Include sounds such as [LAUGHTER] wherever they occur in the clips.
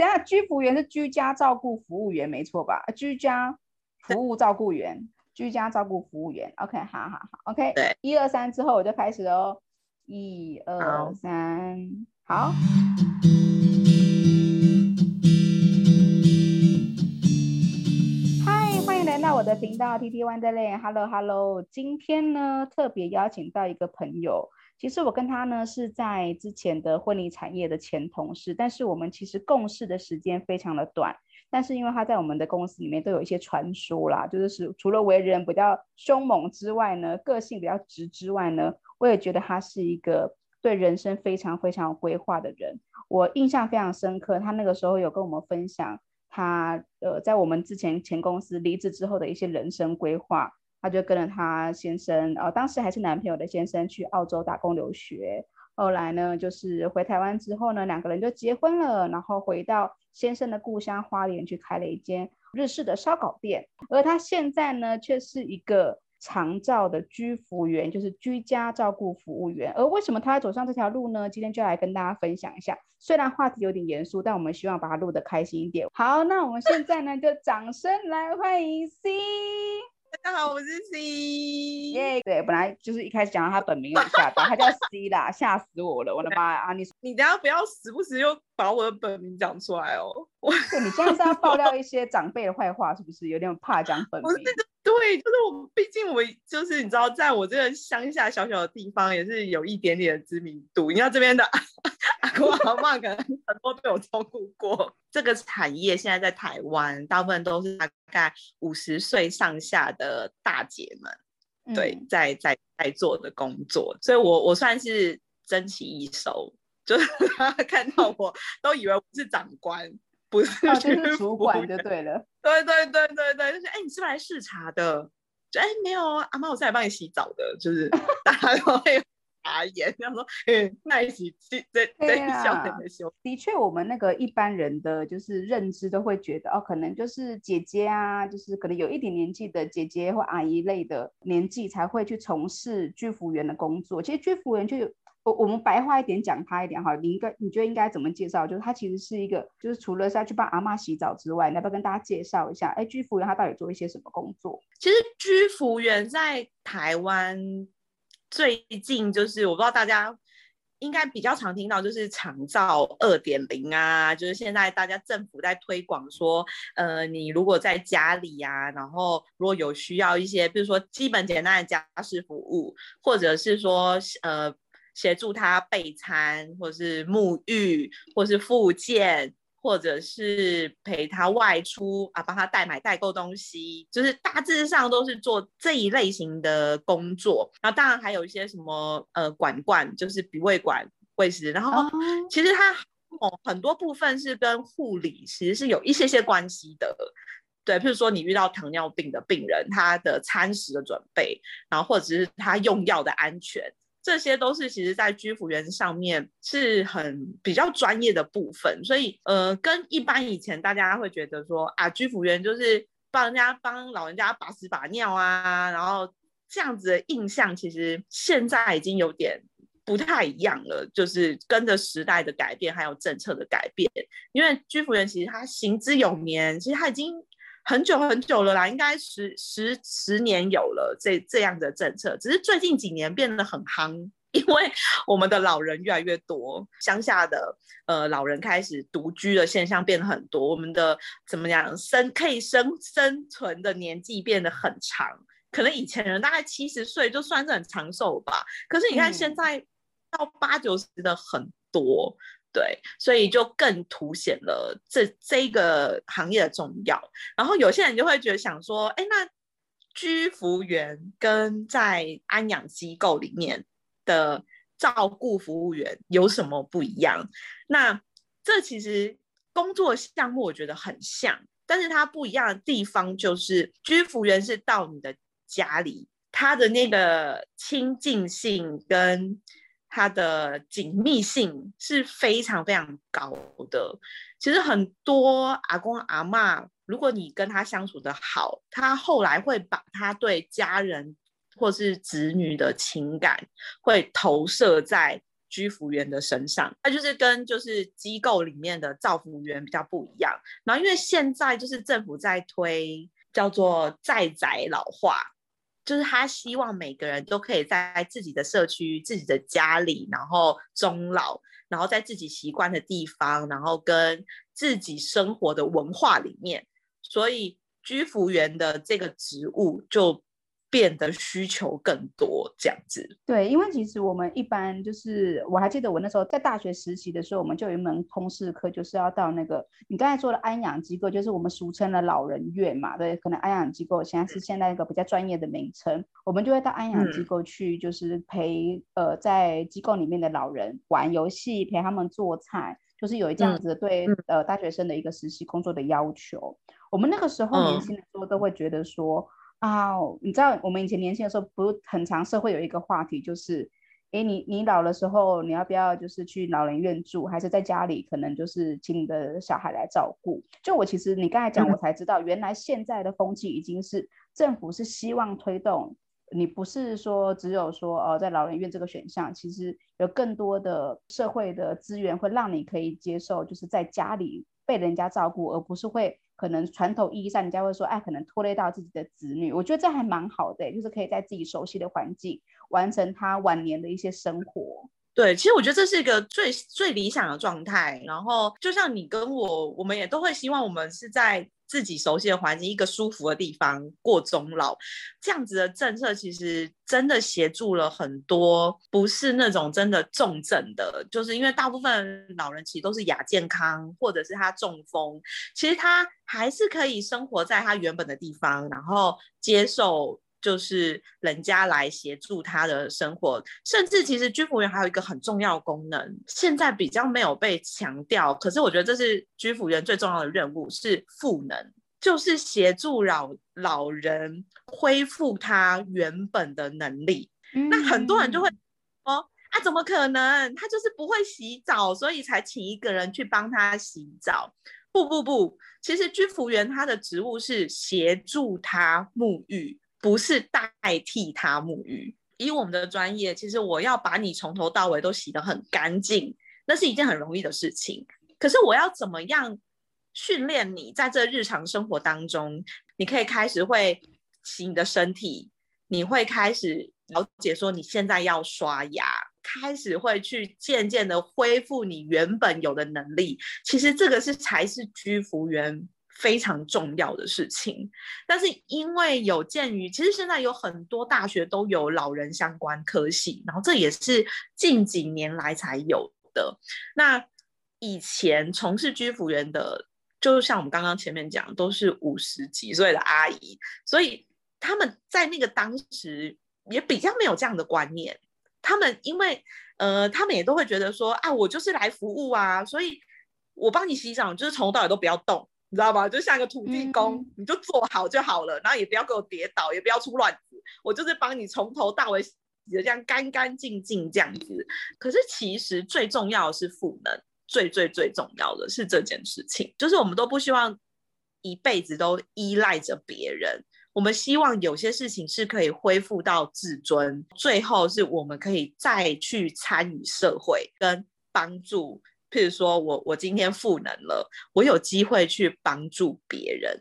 等下，居服員是居家照顧服務員，沒錯吧？居家服務照顧員， [LAUGHS] 居家照顧服務員。OK，好好好，OK。對，一二三之後我就開始囉。一二三，好。嗨，Hi, 歡迎來到我的頻道 TT Wonderland。Hello，Hello，今天呢特別邀請到一個朋友。其實我跟他呢是在之前的婚禮產業的前同事，但是我們其實共事的時間非常的短。但是因為他在我們的公司裡面都有一些傳說啦，就是除了為人比較兇猛之外呢，個性比較直之外呢，我也覺得他是一個對人生非常非常規劃的人。我印象非常深刻，他那個時候有跟我們分享他呃在我們之前前公司離職之後的一些人生規劃。她就跟着她先生，呃、哦，當時還是男朋友的先生去澳洲打工留學。後來呢，就是回台灣之後呢，兩個人就結婚了，然後回到先生的故鄉花蓮去開了一間日式的燒烤店。而她現在呢，卻是一個長照的居服員，就是居家照顧服務員。而為什麼她要走上這條路呢？今天就來跟大家分享一下。雖然話題有點嚴肅，但我們希望把它錄得開心一點。好，那我們現在呢，就掌聲來歡迎 C。大家好，我是 C 耶。Yeah, 對，本來就是一開始講到他本名有嚇到，他叫 C 啦，嚇 [LAUGHS] 死我了，我的媽啊！你說你等下不要時不時又把我的本名講出來哦，我、啊。對，你現在是要爆料一些長輩的壞話是不是？有點怕講本名。 [LAUGHS] 對，就是我，畢竟我就是你知道，在我這個鄉下小小的地方，也是有一點點的知名度。你看這邊的、啊、 [LAUGHS] 阿公阿嬤可能很多都有照顧過。 [LAUGHS] 這個產業現在在台灣，大部分都是大概五十歲上下的大姐們，嗯、對，在在在做的工作。所以我，我我算是珍奇異獸，就是看到我 [LAUGHS] 都以為我是長官。不是主管，哦就是、就對了， [LAUGHS] 對對對對對，就是哎、欸，你是來視察的？就、欸、哎，沒有啊、哦，阿媽，我是來幫你洗澡的。就是大家都會打絡腮、打眼，這樣說，一起去。在在笑你的候。的確，我們那個一般人的就是認知都會覺得，哦，可能就是姐姐啊，就是可能有一點年紀的姐姐或阿姨類的年紀才會去從事居服員的工作。其實居服員就有。我我們白話一點講他一點哈，你應該你覺得應該怎麼介紹？就是他其實是一個，就是除了是要去幫阿媽洗澡之外，要不要跟大家介紹一下？哎、欸，居服員他到底做一些什麼工作？其實居服員在台灣最近，就是我不知道大家應該比較常聽到，就是長照二點零啊，就是現在大家政府在推廣說，呃，你如果在家裡啊，然後如果有需要一些，比如說基本簡單的家事服務，或者是說呃。協助他備餐，或是沐浴，或是復健，或者是陪他外出啊，幫他代買、代購東西，就是大致上都是做這一類型的工作。然後當然還有一些什麼呃管管，就是鼻胃管餵食。然後其實它哦很多部分是跟護理其實是有一些些關係的。對，譬如說你遇到糖尿病的病人，他的餐食的準備，然後或者是他用藥的安全。這些都是其實，在居服員上面是很比較專業的部分，所以呃，跟一般以前大家會覺得說啊，居服員就是幫人家幫老人家把屎把尿啊，然後這樣子的印象，其實現在已經有點不太一樣了，就是跟着時代的改變還有政策的改變，因為居服員其實他行之有年，其實他已經。很久很久了啦，應該十十十年有了這這樣的政策，只是最近幾年變得很夯，因為我們的老人越來越多，鄉下的呃老人開始獨居的現象變得很多，我們的怎麼講生可以生生存的年紀變得很長，可能以前人大概七十歲就算是很長壽吧，可是你看現在到八、嗯、到八九十的很多。對，所以就更凸顯了這這一個行業的重要。然後有些人就會覺得想說，哎，那居服員跟在安養機構裡面的照顧服務員有什麼不一樣？那這其實工作項目我覺得很像，但是它不一樣的地方就是居服員是到你的家裡，他的那個親近性跟。它的緊密性是非常非常高的。其實很多阿公阿嬤，如果你跟他相處得好，他後來會把他對家人或是子女的情感，會投射在居服員的身上。那就是跟就是機構裡面的照服員比較不一樣。然後因為現在就是政府在推叫做在宅老化。就是他希望每個人都可以在自己的社區、自己的家裡，然後終老，然後在自己習慣的地方，然後跟自己生活的文化裡面，所以居服員的這個職務就。變得需求更多這樣子，對，因為其實我們一般就是我還記得我那時候在大學實習的時候，我們就有一門通識課，就是要到那個你剛才說的安養機構，就是我們俗稱的老人院嘛，對，可能安養機構現在是現在一個比較專業的名稱，嗯、我們就會到安養機構去，就是陪呃在機構裡面的老人玩遊戲，陪他們做菜，就是有一這樣子對、嗯、呃大學生的一個實習工作的要求。我們那個時候年輕的時候都會覺得說。啊、oh，你知道我們以前年輕的時候，不是很常社會有一個話題，就是，誒，你你老的時候，你要不要就是去老人院住，還是在家裡，可能就是請你的小孩來照顧？就我其實你剛才講，我才知道，原來現在的風氣已經是政府是希望推動，你不是說只有說哦在老人院這個選項，其實有更多的社會的資源會讓你可以接受，就是在家裡被人家照顧，而不是會。可能傳統意義上，人家會說，哎，可能拖累到自己的子女。我覺得這還蠻好的，欸，就是可以在自己熟悉的環境完成他晚年的一些生活。對，其實我覺得這是一個最最理想的狀態。然後，就像你跟我，我們也都會希望我們是在。自己熟悉的環境，一個舒服的地方過終老，這樣子的政策其實真的協助了很多，不是那種真的重症的，就是因為大部分老人其實都是亞健康，或者是他中風，其實他還是可以生活在他原本的地方，然後接受。就是人家來協助他的生活，甚至其實居服員還有一個很重要功能，現在比較沒有被強調。可是我覺得這是居服員最重要的任務，是賦能，就是協助老老人恢復他原本的能力。嗯、那很多人就會說啊，怎麼可能？他就是不會洗澡，所以才請一個人去幫他洗澡。不不不，其實居服員他的職務是協助他沐浴。不是代替他沐浴，以我們的專業，其實我要把你從頭到尾都洗得很乾淨，那是一件很容易的事情。可是我要怎麼樣訓練你，在這日常生活當中，你可以開始會洗你的身體，你會開始了解說你現在要刷牙，開始會去漸漸的恢復你原本有的能力。其實這個是才是居服員。非常重要的事情，但是因為有鑒於，其實現在有很多大學都有老人相關科系，然後這也是近幾年來才有的。那以前從事居服員的，就像我們剛剛前面講，都是五十幾歲的阿姨，所以他們在那個當時也比較沒有這樣的觀念。他們因為呃，他們也都會覺得說啊，我就是來服務啊，所以我幫你洗澡，就是從頭到尾都不要動。你知道吧，就像個土地公、嗯，你就做好就好了，嗯，然後也不要給我跌倒，也不要出亂子。我就是幫你從頭到尾洗的，這樣乾乾淨淨這樣子。可是其實最重要的是賦能，最最最重要的是這件事情，就是我們都不希望一輩子都依賴着別人，我們希望有些事情是可以恢復到自尊，最後是我們可以再去參與社會跟幫助。譬如說我，我我今天賦能了，我有機會去幫助別人，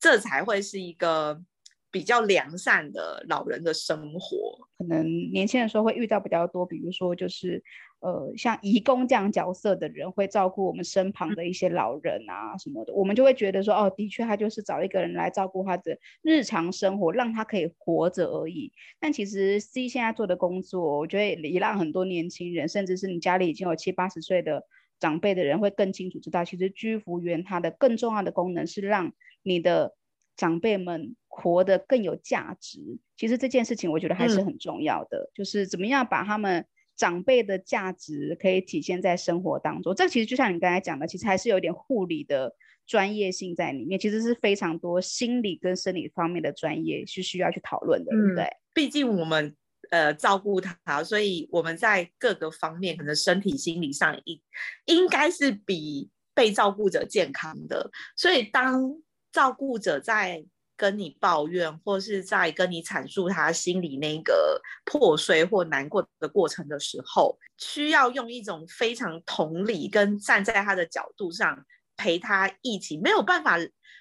這才會是一個比較良善的老人的生活。可能年輕的時候會遇到比較多，比如說就是。呃，像移工這樣角色的人會照顧我們身旁的一些老人啊什麼的，嗯、我們就會覺得說，哦，的確他就是找一個人來照顧他的日常生活，讓他可以活着而已。但其實 C 現在做的工作，我覺得也讓很多年輕人，甚至是你家裡已經有七八十歲的長輩的人，會更清楚知道，其實居服員他的更重要的功能是讓你的長輩們活得更有價值。其實這件事情我覺得還是很重要的，嗯、就是怎麼樣把他們。長輩的價值可以體現在生活當中，這其實就像你剛才講的，其實還是有點護理的專業性在裡面，其實是非常多心理跟生理方面的專業是需要去討論的，嗯、對不對？畢竟我們呃照顧他，所以我們在各個方面，可能身體、心理上應應該是比被照顧者健康的，所以當照顧者在。跟你抱怨，或是在跟你闡述他心裡那個破碎或難過的過程的時候，需要用一種非常同理，跟站在他的角度上陪他一起。沒有辦法，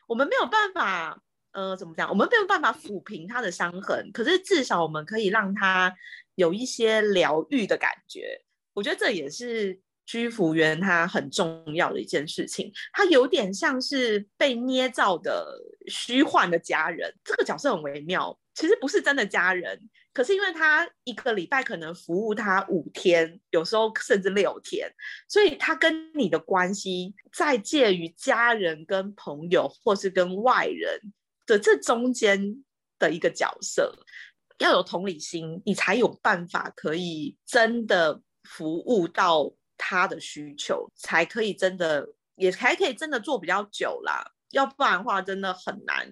我們沒有辦法，呃，怎麼講？我們沒有辦法撫平他的傷痕，可是至少我們可以讓他有一些療癒的感覺。我覺得這也是。居服員他很重要的一件事情，他有點像是被捏造的虛幻的家人，這個角色很微妙，其實不是真的家人，可是因為他一個禮拜可能服務他五天，有時候甚至六天，所以他跟你的關係在介於家人跟朋友或是跟外人的這中間的一個角色，要有同理心，你才有辦法可以真的服務到。他的需求，才可以真的也才可以真的做比較久啦，要不然的話真的很難。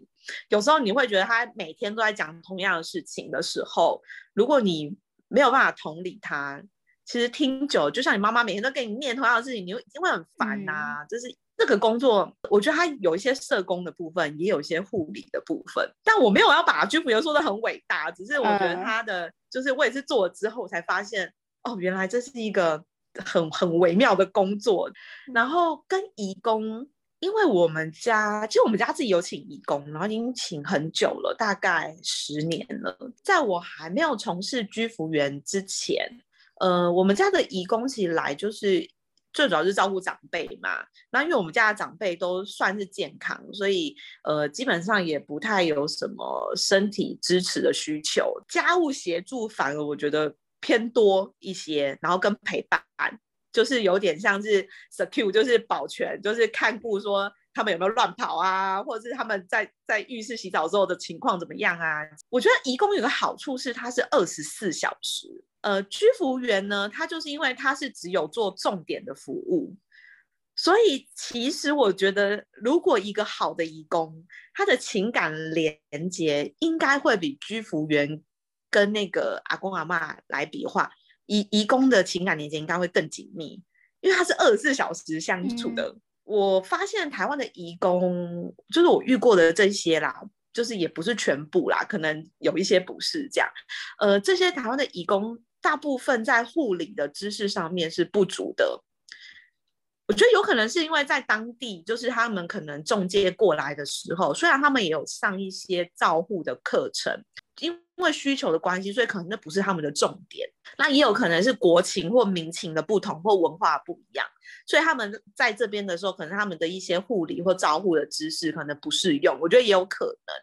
有時候你會覺得他每天都在講同樣的事情的時候，如果你沒有辦法同理他，其實聽久就像你媽媽每天都給你念同樣的事情，你就一定會很煩吶、啊嗯。就是這個工作，我覺得它有一些社工的部分，也有一些護理的部分。但我沒有要把居服員說的很偉大，只是我覺得他的、嗯、就是我也是做了之後才發現，哦，原來這是一個。很很微妙的工作，然後跟移工，因為我們家其實我們家自己有請移工，然後已經請很久了，大概十年了。在我還沒有從事居服員之前，呃，我們家的移工其實來就是最主要是照顧長輩嘛。那因為我們家的長輩都算是健康，所以呃，基本上也不太有什麼身體支持的需求，家務協助反而我覺得。偏多一些，然後跟陪伴就是有點像是 secure，就是保全，就是看顧說他們有沒有亂跑啊，或者是他們在在浴室洗澡之後的情況怎麼樣啊？我覺得移工有個好處是他是二十四小時。呃，居服員呢，他就是因為他是只有做重點的服務，所以其實我覺得如果一個好的移工，他的情感連接應該會比居服員。跟那個阿公阿媽來比的話，移，移工的情感連接應該會更緊密，因為他是二十四小時相處的。嗯。我發現台灣的移工，就是我遇過的這些啦，就是也不是全部啦，可能有一些不是這樣。呃，這些台灣的移工，大部分在護理的知識上面是不足的。我覺得有可能是因為在當地，就是他們可能中介過來的時候，雖然他們也有上一些照護的課程。因為需求的關係，所以可能那不是他們的重點。那也有可能是國情或民情的不同，或文化不一樣，所以他們在這邊的時候，可能他們的一些護理或照護的知識可能不適用。我覺得也有可能。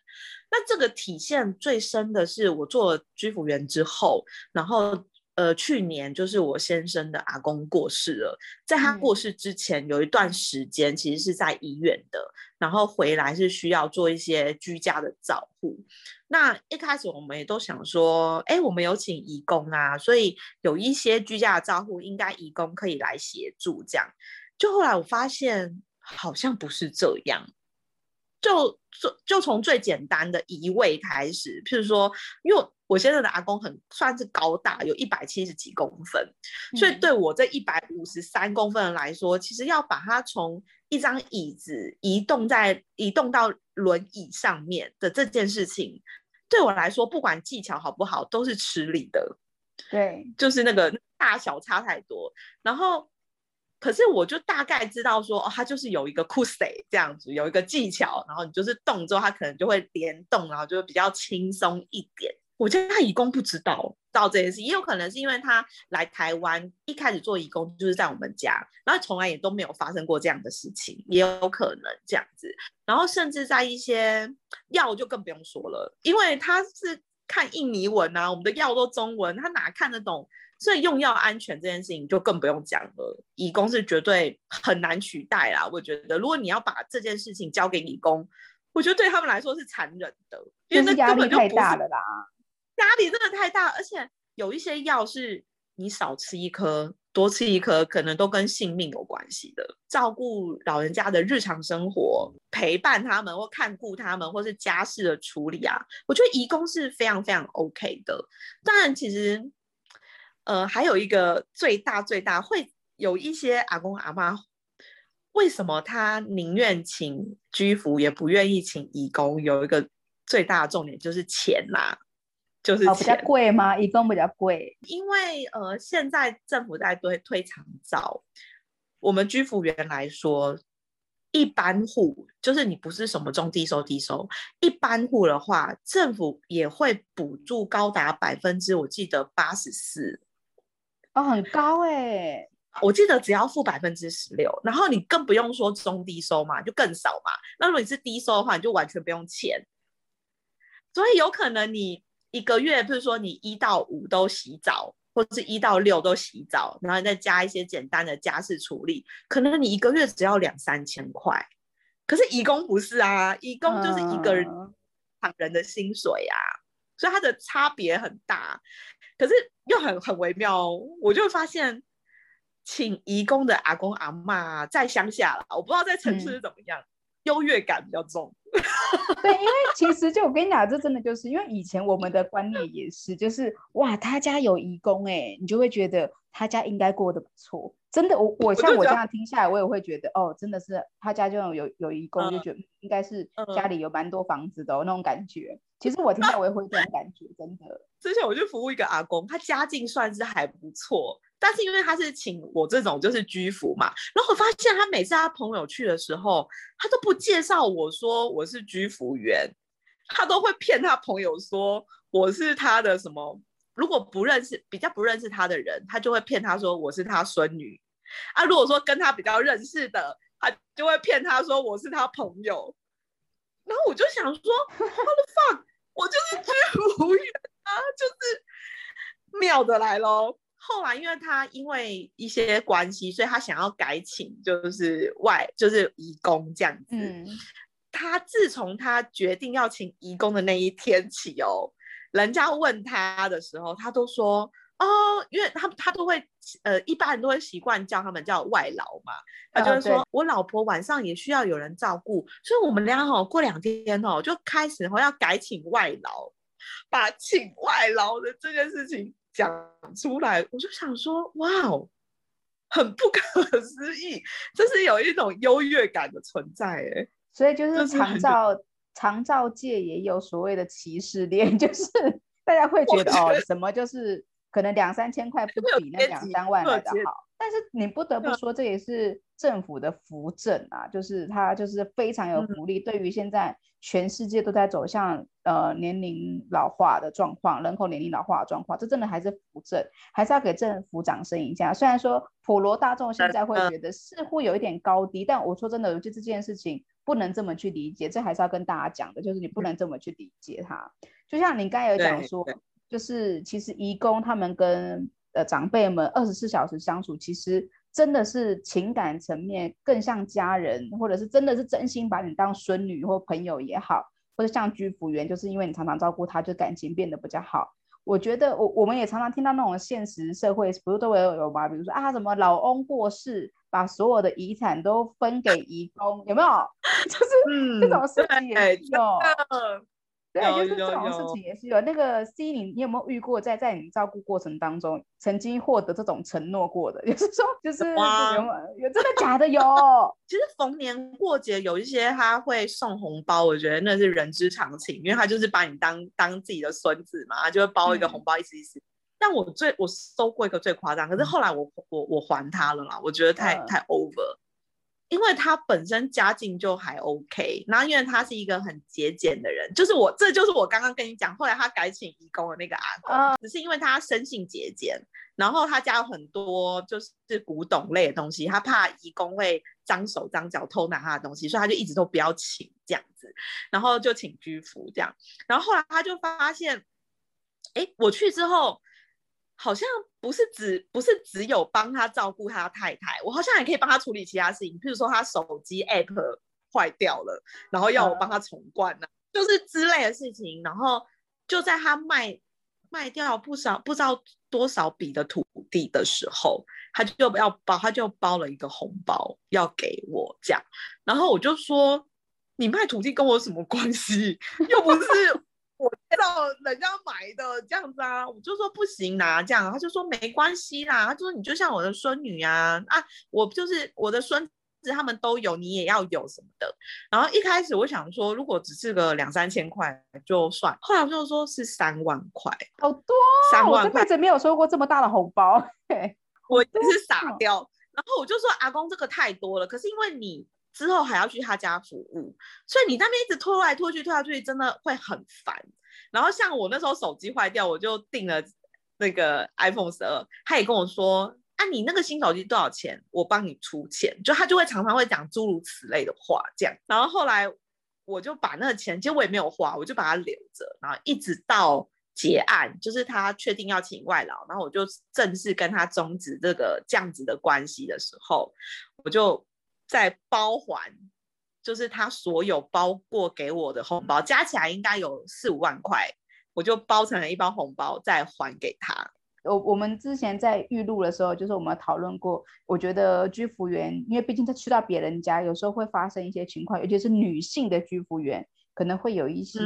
那這個體現最深的是我做了居服員之後，然後。呃，去年就是我先生的阿公過世了，在他過世之前，有一段時間其實是在醫院的，嗯，然後回來是需要做一些居家的照護。那一開始我們也都想說，哎，我們有請移工啊，所以有一些居家的照護應該移工可以來協助這樣。就後來我發現好像不是這樣。就就就從最簡單的移位開始，譬如說，因為我，我現在的阿公很算是高大，有一百七十幾公分，所以對我這一百五十三公分來說，嗯、其實要把他從一張椅子移動在移動到輪椅上面的這件事情，對我來說，不管技巧好不好，都是吃力的。對，就是那個大小差太多，然後。可是我就大概知道說，哦，他就是有一個酷 say 這樣子，有一個技巧，然後你就是動之後，他可能就會聯動，然後就比較輕鬆一點。我覺得他移工不知道到這件事，也有可能是因為他來台灣一開始做移工就是在我們家，然後從來也都沒有發生過這樣的事情，也有可能這樣子。然後甚至在一些藥就更不用說了，因為他是看印尼文吶、啊，我們的藥都中文，他哪看得懂？所以用藥安全這件事情就更不用講了，移工是絕對很難取代啦。我覺得，如果你要把這件事情交給移工，我覺得對他們來說是殘忍的，因為那根本就不是壓力太大了啦，壓力真的太大，而且有一些藥是你少吃一顆、多吃一顆，可能都跟性命有關係的。照顧老人家的日常生活，陪伴他們或看顧他們，或是家事的處理啊，我覺得移工是非常非常 OK 的。當然，其實。呃，還有一個最大最大會有一些阿公阿媽，為什麼他寧願請居服也不願意請移工？有一個最大的重點就是錢啦、啊。就是錢、哦、比較貴嗎？移工比較貴，因為呃，現在政府在推動長照，我們居服員來說，一般戶就是你不是什麼中低收低收，一般戶的話，政府也會補助高達百分之，我記得八十四。哦，很高哎、欸！我記得只要付百分之十六，然後你更不用說中低收嘛，就更少嘛。那如果你是低收的話，你就完全不用錢。所以有可能你一個月，比如說你一到五都洗澡，或者是一到六都洗澡，然後再加一些簡單的家事處理，可能你一個月只要兩三千塊。可是移工不是啊，移工就是一個人人的薪水呀、啊嗯，所以它的差別很大。可是。又很很微妙哦，我就發現，請移工的阿公阿嬤，在鄉下啦，我不知道在城市是怎麼樣，嗯、優越感比較重。對，因為其實就我跟你講，這真的就是因為以前我們的觀念也是，就是哇，他家有移工誒、欸，你就會覺得。他家應該過得不錯，真的，我我像我這樣聽下來，我也會覺得，覺得哦，真的是他家就有有移工，嗯，就覺得應該是家裡有蠻多房子的、哦、嗯、那種感覺。其實我聽下來我也會這樣感覺，真的。之前我就服務一個阿公，他家境算是還不錯，但是因為他是請我這種就是居服嘛，然後我發現他每次他朋友去的時候，他都不介紹我說我是居服員，他都會騙他朋友說我是他的什麼。如果不認識比較不認識他的人，他就會騙他說我是他孫女啊。如果說跟他比較認識的，他就會騙他說我是他朋友。然後我就想說， [LAUGHS] 我的媽，我就是居服員啊，就是妙的來嘍。後來因為他因為一些關係，所以他想要改請，就是外就是移工這樣子。嗯、他自從他決定要請移工的那一天起哦。人家問他的時候，他都說哦，因為他他都會呃，一般人都會習慣叫他們叫外勞嘛。哦、他就會說，我老婆晚上也需要有人照顧，所以我們倆哈、哦、過兩天哈、哦、就開始哈要改請外勞，把請外勞的這件事情講出來。我就想說，哇哦，很不可思議，這是有一種優越感的存在哎。所以就是長照。長照界也有所謂的歧視鏈，就是大家會覺得，覺得哦，什麼就是可能兩三千塊不比那兩三萬來的好。但是你不得不說，這也是政府的扶正啊，就是他就是非常有福利。對於現在全世界都在走向、嗯、呃年齡老化的狀況，人口年齡老化的狀況，這真的還是扶正，還是要給政府掌聲一下。雖然說普羅大眾現在會覺得似乎有一點高低，嗯、但我說真的，尤其這件事情。不能這麼去理解，這還是要跟大家講的，就是你不能這麼去理解他。就像你剛才有講說，就是其實移工他們跟呃長輩們二十四小時相處，其實真的是情感層面更像家人，或者是真的是真心把你當孫女或朋友也好，或者像居服員，就是因為你常常照顧他，就感情變得比較好。我覺得我我們也常常聽到那種現實社會不是都會有有嗎？比如說啊，什麼老翁過世。把所有的遺產都分給移工有沒有？就是、嗯、這種事情也是有，對，對有，就是這種事情也是有。有有那個 C，你你有沒有遇過在，在在你照顧過程當中，曾經獲得這種承諾過的？就是說，就是有有真的假的有？ [LAUGHS] 其實逢年過節有一些他會送紅包，我覺得那是人之常情，因為他就是把你當當自己的孫子嘛，他就會包一個紅包意思意思。一起一起嗯但我最我收過一個最誇張，可是後來我我我還他了嘛，我覺得太、嗯、太 over，因為他本身家境就還 OK，然後因為他是一個很節儉的人，就是我這就是我剛剛跟你講，後來他改請移工的那個阿公，啊、只是因為他生性節儉，然後他家有很多就是古董類的東西，他怕移工會髒手髒腳偷拿他的東西，所以他就一直都不要請這樣子，然後就請居服這樣，然後後來他就發現，哎、欸，我去之後。好像不是只不是只有幫他照顧他太太，我好像還可以幫他處理其他事情，譬如說他手機 app 壞掉了，然後要我幫他重灌呢、嗯，就是之類的事情。然後就在他賣賣掉不少不知道多少筆的土地的時候，他就要包他就包了一個紅包要給我，這樣。然後我就說你賣土地跟我有什麼關係？又不是。 [LAUGHS] 我知道人家買的這樣子啊，我就說不行啦，這樣他就說沒關係啦，他就說你就像我的孫女啊啊，我就是我的孫子他們都有，你也要有什麼的。然後一開始我想說，如果只是個兩三千塊就算，後來我就說是三萬塊，好多、哦，三萬塊真沒有收過這麼大的紅包，我真是傻掉、嗯。然後我就說阿公這個太多了，可是因為你。之後還要去他家服務，所以你那邊一直拖來拖去拖下去，真的會很煩。然後像我那時候手機壞掉，我就訂了那個 iPhone 十二，他也跟我說：“啊，你那個新手機多少錢？我幫你出錢。”就他就會常常會講諸如此類的話這樣。然後後來我就把那個錢，其實我也沒有花，我就把它留着。然後一直到結案，就是他確定要請外勞，然後我就正式跟他終止這個這樣子的關係的時候，我就。再包還，就是他所有包過給我的紅包加起來應該有四五萬塊，我就包成了一包紅包再還給他。我我們之前在預錄的時候，就是我們討論過，我覺得居服員，因為畢竟他去到別人家，有時候會發生一些情況，尤其是女性的居服員可能會有一些、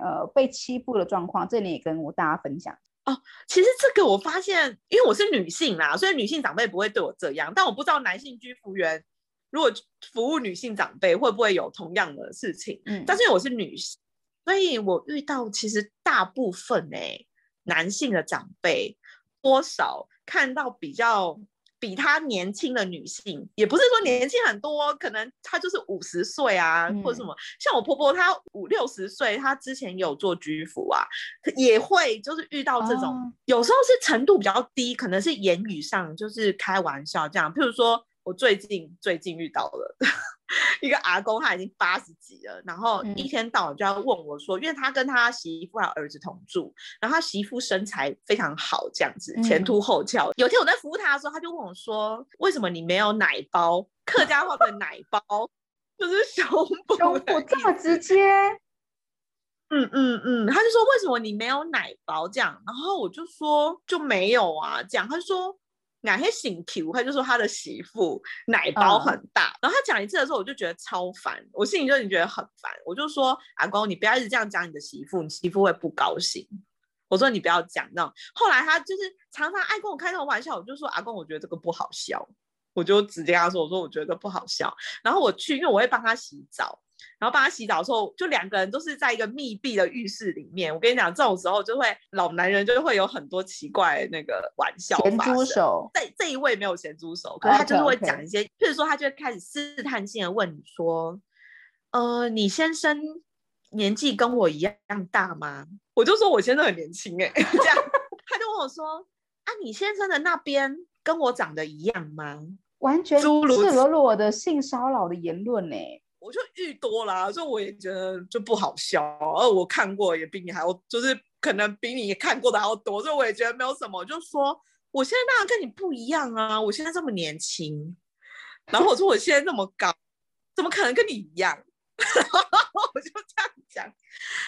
嗯、呃被欺負的狀況。這裡也跟我大家分享哦。其實這個我發現，因為我是女性啦，所以女性長輩不會對我這樣，但我不知道男性居服員。如果服務女性長輩，會不會有同樣的事情？嗯，但是我是女性，所以我遇到其實大部分、欸、男性的長輩多少看到比較比他年輕的女性，也不是說年輕很多，可能他就是五十歲啊，或者什麼、嗯。像我婆婆，她五六十歲，她之前有做居服啊，也會就是遇到這種、哦，有時候是程度比較低，可能是言語上就是開玩笑這樣，譬如說。我最近最近遇到了一個阿公，他已經八十幾了，然後一天到晚就要問我說，嗯、因為他跟他媳婦、還有兒子同住，然後他媳婦身材非常好，這樣子、嗯、前凸後翹。有一天我在服務他的時候，他就問我說：“為什麼你沒有奶包？”客家話的奶包 [LAUGHS] 就是胸部。胸部這麼直接？嗯嗯嗯，他就說：“為什麼你沒有奶包？”這樣，然後我就說：“就沒有啊。”這樣，他就說。奶會嫌棄？他就說他的媳婦奶包很大，嗯。然後他講一次的時候，我就覺得超煩。我心裡就已經覺得很煩，我就說阿公，你不要一直這樣講你的媳婦，你媳婦會不高興。我說你不要講那種。後來他就是常常愛跟我開那種玩笑，我就說阿公，我覺得這個不好笑。我就直接跟他說，我說我覺得這個不好笑。然後我去，因為我會幫他洗澡。然後幫他洗澡的時候，就兩個人都是在一個密閉的浴室裡面。我跟你講，這種時候就會老男人就會有很多奇怪那個玩笑。鹹豬手。這這一位沒有鹹豬手，可是他就是會講一些，okay, okay. 譬如說他就開始試探性的問你說：“呃，你先生年紀跟我一樣大嗎？”我就說：“我先生很年輕、欸。”哎，這樣他就問我說：“啊，你先生的那邊跟我長得一樣嗎？”完全赤裸裸的性騷擾的言論哎、欸。我就遇多了啊，所以我也覺得就不好笑。而我看過也比你還要，我就是可能比你看過的還要多，所以我也覺得沒有什麼。我就說我現在當然跟你不一樣啊，我現在這麼年輕，然後我說我現在那麼高， [LAUGHS] 怎麼可能跟你一樣？ [LAUGHS] 然後我就這樣講，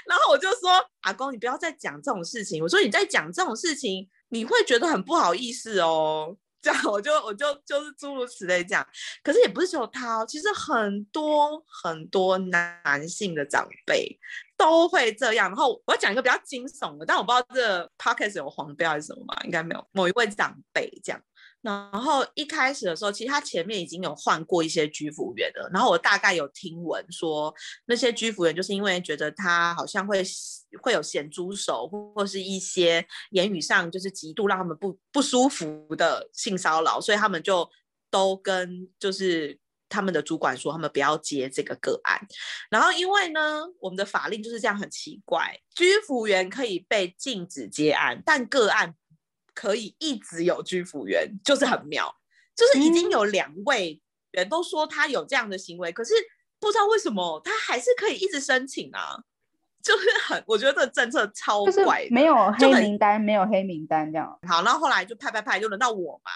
然後我就說：“阿公，你不要再講這種事情。”我說：“你在講這種事情，你會覺得很不好意思哦。”這 [LAUGHS] 樣，我就我就就是諸如此類這樣，可是也不是只有他哦，其實很多很多男性的長輩都會這樣。然後我要講一個比較驚悚的，但我不知道這個 podcast 有黃標還是什麼嘛，應該沒有。某一位長輩這樣。然後一開始的時候，其實他前面已經有換過一些居服員了。然後我大概有聽聞說，那些居服員就是因為覺得他好像會會有鹹豬手，或是一些言語上就是極度讓他們不不舒服的性騷擾，所以他們就都跟就是他們的主管說，他們不要接這個個案。然後因為呢，我們的法令就是這樣很奇怪，居服員可以被禁止接案，但個案。可以一直有居服員，就是很妙，就是已經有兩位、嗯、人都說他有這樣的行為，可是不知道為什麼他還是可以一直申請啊，就是很，我覺得這個政策超怪、就是、沒有黑名單，沒有黑名單這樣。好，那後，後來就拍拍拍，就輪到我嘛。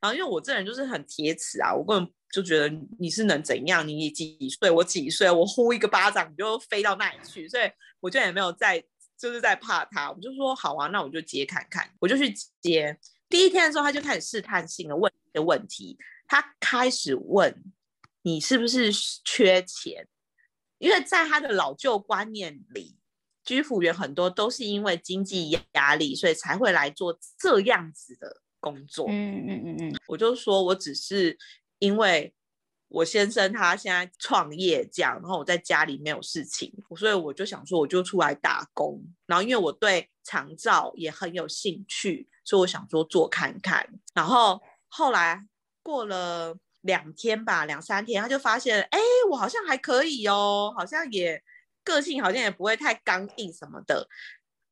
然後因為我這人就是很鐵齒啊，我個人就覺得你是能怎樣，你幾歲我幾歲，我幾歲，我呼一個巴掌你就飛到那裡去，所以我就也沒有再。就是在怕他，我就說好啊，那我就接看看，我就去接。第一天的時候，他就開始試探性的問的問題，他開始問你是不是缺錢，因為在他的老舊觀念裡，居服員很多都是因為經濟壓力，所以才會來做這樣子的工作。嗯嗯嗯嗯，我就說我只是因為。我先生他現在創業這樣，然後我在家裡沒有事情，所以我就想說我就出來打工。然後因為我對長照也很有興趣，所以我想說做看看。然後後來過了兩天吧，兩三天，他就發現，哎，我好像還可以哦，好像也個性好像也不會太剛硬什麼的。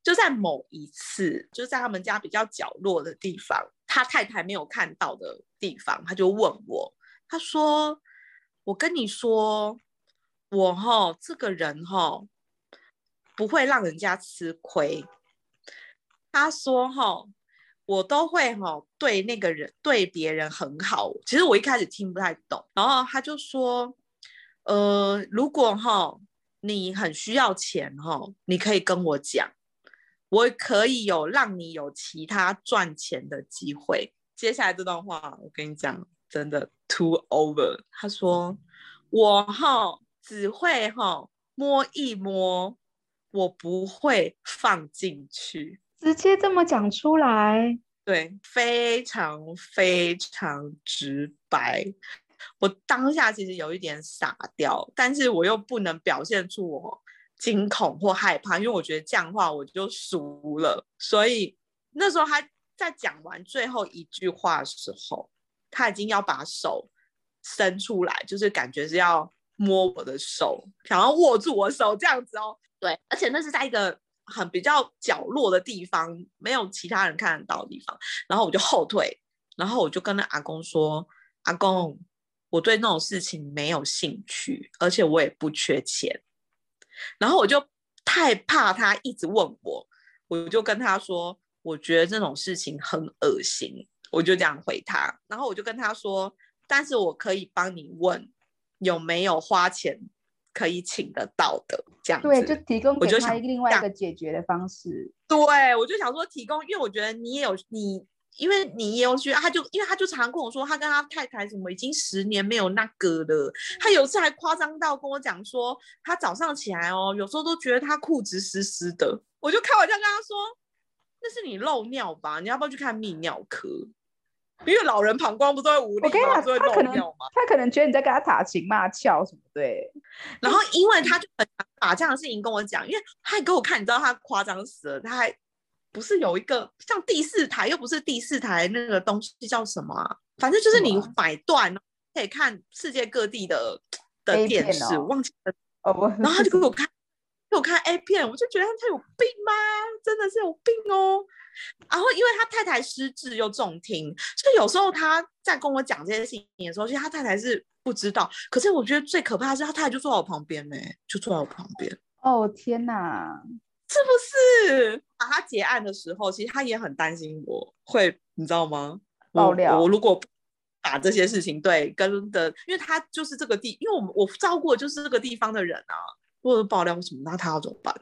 就在某一次，就在他們家比較角落的地方，他太太沒有看到的地方，他就問我，他說，我跟你說，我哈、哦、這個人哈、哦、不會讓人家吃虧。他說哈、哦，我都會哈、哦、對那個人對別人很好。其實我一開始聽不太懂，然後他就說，呃，如果哈、哦、你很需要錢哈、哦，你可以跟我講，我可以有讓你有其他賺錢的機會。接下來這段話，我跟你講。真的 too over，他說我、哦、只會、哦、摸一摸，我不會放進去，直接這麼講出來。對，非常非常直白。我當下其實有一點傻掉，但是我又不能表現出我驚恐或害怕，因為我覺得這樣的話我就輸了。所以那時候他在講完最後一句話的時候。他已經要把手伸出來，就是感覺是要摸我的手，想要握住我手，這樣子哦。對，而且那是在一個很比較角落的地方，沒有其他人看得到的地方。然後我就後退，然後我就跟那阿公說：“阿公，我對那種事情沒有興趣，而且我也不缺錢。”然後我就太怕他一直問我，我就跟他說：“我覺得這種事情很噁心。”我就這樣回他，然後我就跟他說，但是我可以幫你問有沒有花錢可以請得到的這樣。對，就提供給他一個，我就想另外一個解決的方式。對，我就想說提供，因為我覺得你也有你，因為你也有需要，他就因為他就常常跟我說，他跟他太太什麼已經十年沒有那個了。他有次還誇張到跟我講說，他早上起來哦，有時候都覺得他褲子濕濕的，我就開玩笑跟他說，那是你漏尿吧，你要不要去看泌尿科？因為老人膀胱不是會無力嗎？我他，他可嘛。他可能覺得你在跟他打情罵俏什麼，對。然後因為他就很想把這樣的事情跟我講，因為他還給我看，你知道他誇張死了，他還不是有一個、嗯、像第四台又不是第四台那個東西叫什麼啊？反正就是你買斷、啊、可以看世界各地的的電視，哦、忘記了哦。Oh, 然後他就給我看。 [LAUGHS] 我看 A 片，我就覺得他有病嗎？真的是有病哦。然後，因為他太太失智又重聽，所以有時候他在跟我講這些事情的時候，其實他太太是不知道。可是我覺得最可怕的是，他太太就坐在我旁邊，呢，就坐在我旁邊。哦天哪，是不是？把他結案的時候，其實他也很擔心我會，你知道嗎？爆料。我如果把這些事情對跟的，因為他就是這個地，因為我們我照顧的就是這個地方的人啊。如果爆料，什麼？那他要怎麼辦？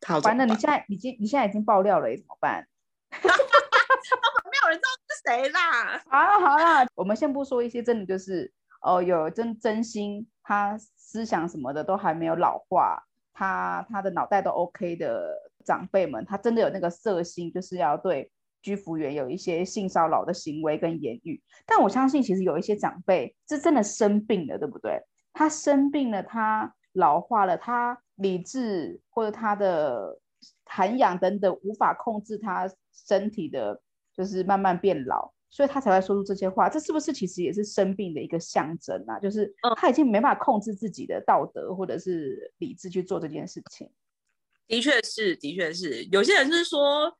他完了！你現在已經你現在已經爆料了，欸、怎麼辦？哈哈哈哈沒有人知道是誰啦。好了好了，我們先不說一些真的，就是哦、呃，有真真心，他思想什麼的都還沒有老化，他他的腦袋都 OK 的長輩們，他真的有那個色心，就是要對居服員有一些性騷擾的行為跟言語。但我相信，其實有一些長輩是真的生病了，對不對？他生病了，他。老化了，他理智或者他的涵養等等無法控制他身體的，就是慢慢變老，所以他才會說出這些話。這是不是其實也是生病的一個象徵啊？就是他已經沒辦法控制自己的道德或者是理智去做這件事情。嗯，的確是，的確是。有些人是說，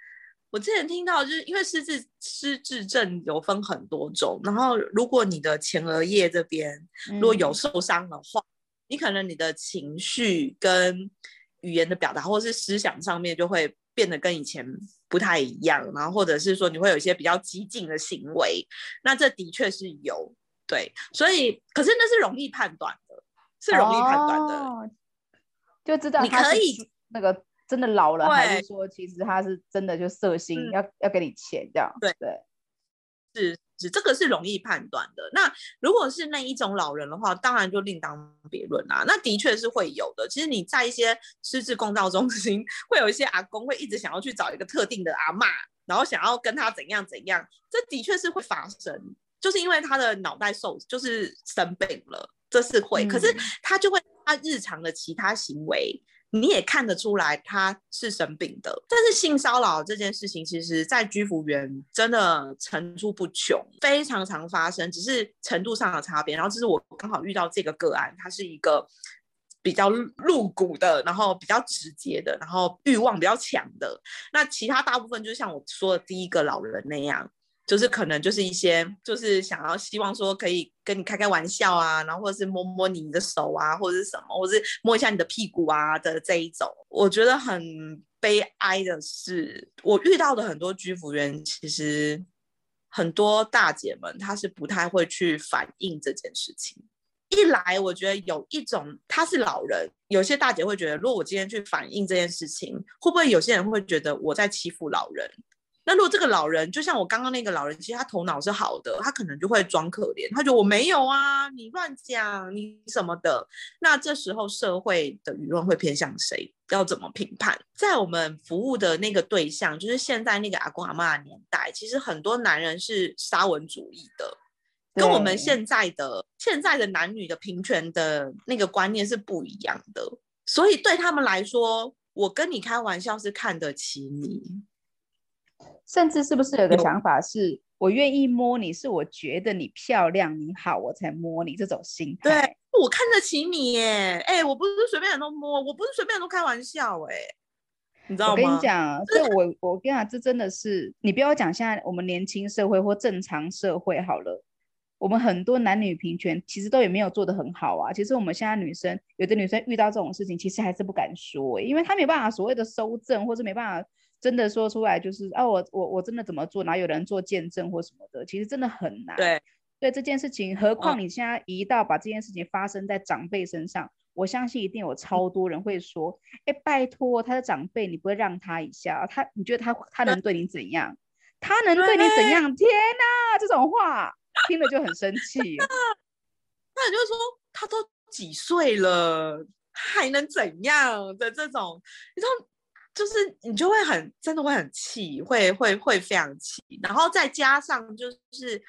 我之前聽到就是因為失智失智症有分很多種，然後如果你的前額葉這邊如果有受傷的話。嗯。你可能你的情緒跟語言的表達，或是思想上面就會變得跟以前不太一樣，然後或者是說你會有一些比較激進的行為，那這的確是有，對，所以可是那是容易判斷的，是容易判斷的，哦，就知道你可以那個真的老了，還是說其實他是真的就色心、嗯、要要給你錢這樣，對對是。是這個是容易判斷的。那如果是那一種老人的話，當然就另當別論啦、啊。那的確是會有的。其實你在一些失智共照中心，會有一些阿公會一直想要去找一個特定的阿媽，然後想要跟他怎樣怎樣，這的確是會發生，就是因為他的腦袋受就是生病了，這是會。嗯、可是他就會他日常的其他行為，你也看得出來他是生病的，但是性騷擾這件事情，其實，在居服員真的層出不窮，非常常發生，只是程度上的差別。然後，這是我剛好遇到這個個案，他是一個比較露骨的，然後比較直接的，然後欲望比較強的。那其他大部分就像我說的第一個老人那樣。就是可能就是一些就是想要希望說可以跟你開開玩笑啊，然後或者是摸摸你的手啊，或者是什麼，或是摸一下你的屁股啊的這一種。我覺得很悲哀的是，我遇到的很多居服員，其實很多大姐們她是不太會去反映這件事情。一來，我覺得有一種她是老人，有些大姐會覺得，如果我今天去反映這件事情，會不會有些人會覺得我在欺負老人？那如果這個老人，就像我剛剛那個老人，其實他頭腦是好的，他可能就會裝可憐，他覺得我沒有啊，你亂講，你什麼的。那這時候社會的輿論會偏向誰？要怎麼評判？在我們服務的那個對象，就是現在那個阿公阿嬤的年代，其實很多男人是沙文主義的，跟我們現在的現在的男女的平權的那個觀念是不一樣的。所以對他們來說，我跟你開玩笑是看得起你。甚至是不是有個想法是，欸、我願意摸你，是我覺得你漂亮，你好，我才摸你這種心態。對，我看得起你耶，哎、欸，我不是隨便人都摸，我不是隨便人都開玩笑哎，你知道嗎？我跟你講，所以我 [LAUGHS] 我跟你講，這真的是你不要講現在我們年輕社會或正常社會好了，我們很多男女平權其實都也沒有做得很好啊。其實我們現在女生，有的女生遇到這種事情，其實還是不敢說，欸，因為她沒辦法所謂的收正，或是沒辦法。真的說出來就是啊，我我我真的怎麼做，哪有人做見證或什麼的？其實真的很難。對，對這件事情，何況你現在移到把這件事情發生在長輩身上，哦、我相信一定有超多人會說：“哎、嗯，拜託、哦，他的長輩，你不會讓他一下、啊？他你覺得他他能對你怎樣？他能對你怎樣？怎樣對對天哪、啊，這種話聽了就很生氣、哦。 [LAUGHS] 那”那你就說，他都幾歲了，還能怎樣？的這種，你知道。就是你就會很真的會很氣，會會會非常氣，然後再加上就是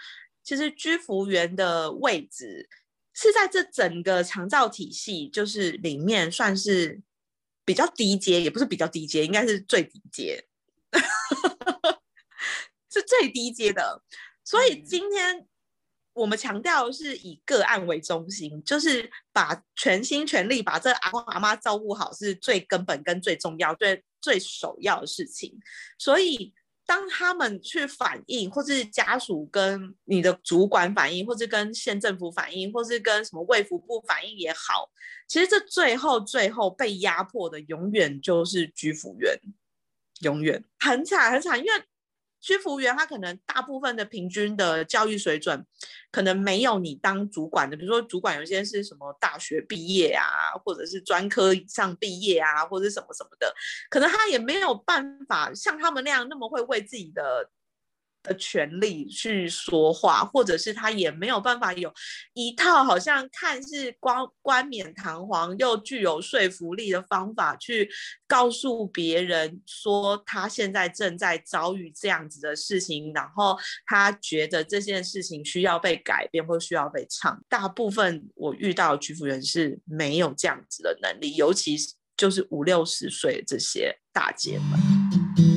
其實居服員的位置是在這整個長照體系就是裡面算是比較低階，也不是比較低階，應該是最低階， [LAUGHS] 是最低階的。所以今天我們強調是以個案為中心、嗯，就是把全心全力把這阿公阿媽照顧好是最根本跟最重要最。最首要的事情，所以當他們去反映，或者是家屬跟你的主管反映，或是跟縣政府反映，或是跟什麼衛福部反映也好，其實這最後最後被壓迫的永遠就是居服員，永遠，很慘很慘，因為。居服務員，他可能大部分的平均的教育水準，可能沒有你當主管的。比如說，主管有些是什麼大學畢業啊，或者是專科以上畢業啊，或者什麼什麼的，可能他也沒有辦法像他們那樣那麼會為自己的。的權利去說話，或者是他也沒有辦法有一套好像看似光冠冕堂皇又具有說服力的方法去告訴別人說，他現在正在遭遇這樣子的事情，然後他覺得這件事情需要被改變或需要被唱。大部分我遇到的居服人是沒有這樣子的能力，尤其就是五六十歲這些大姐們。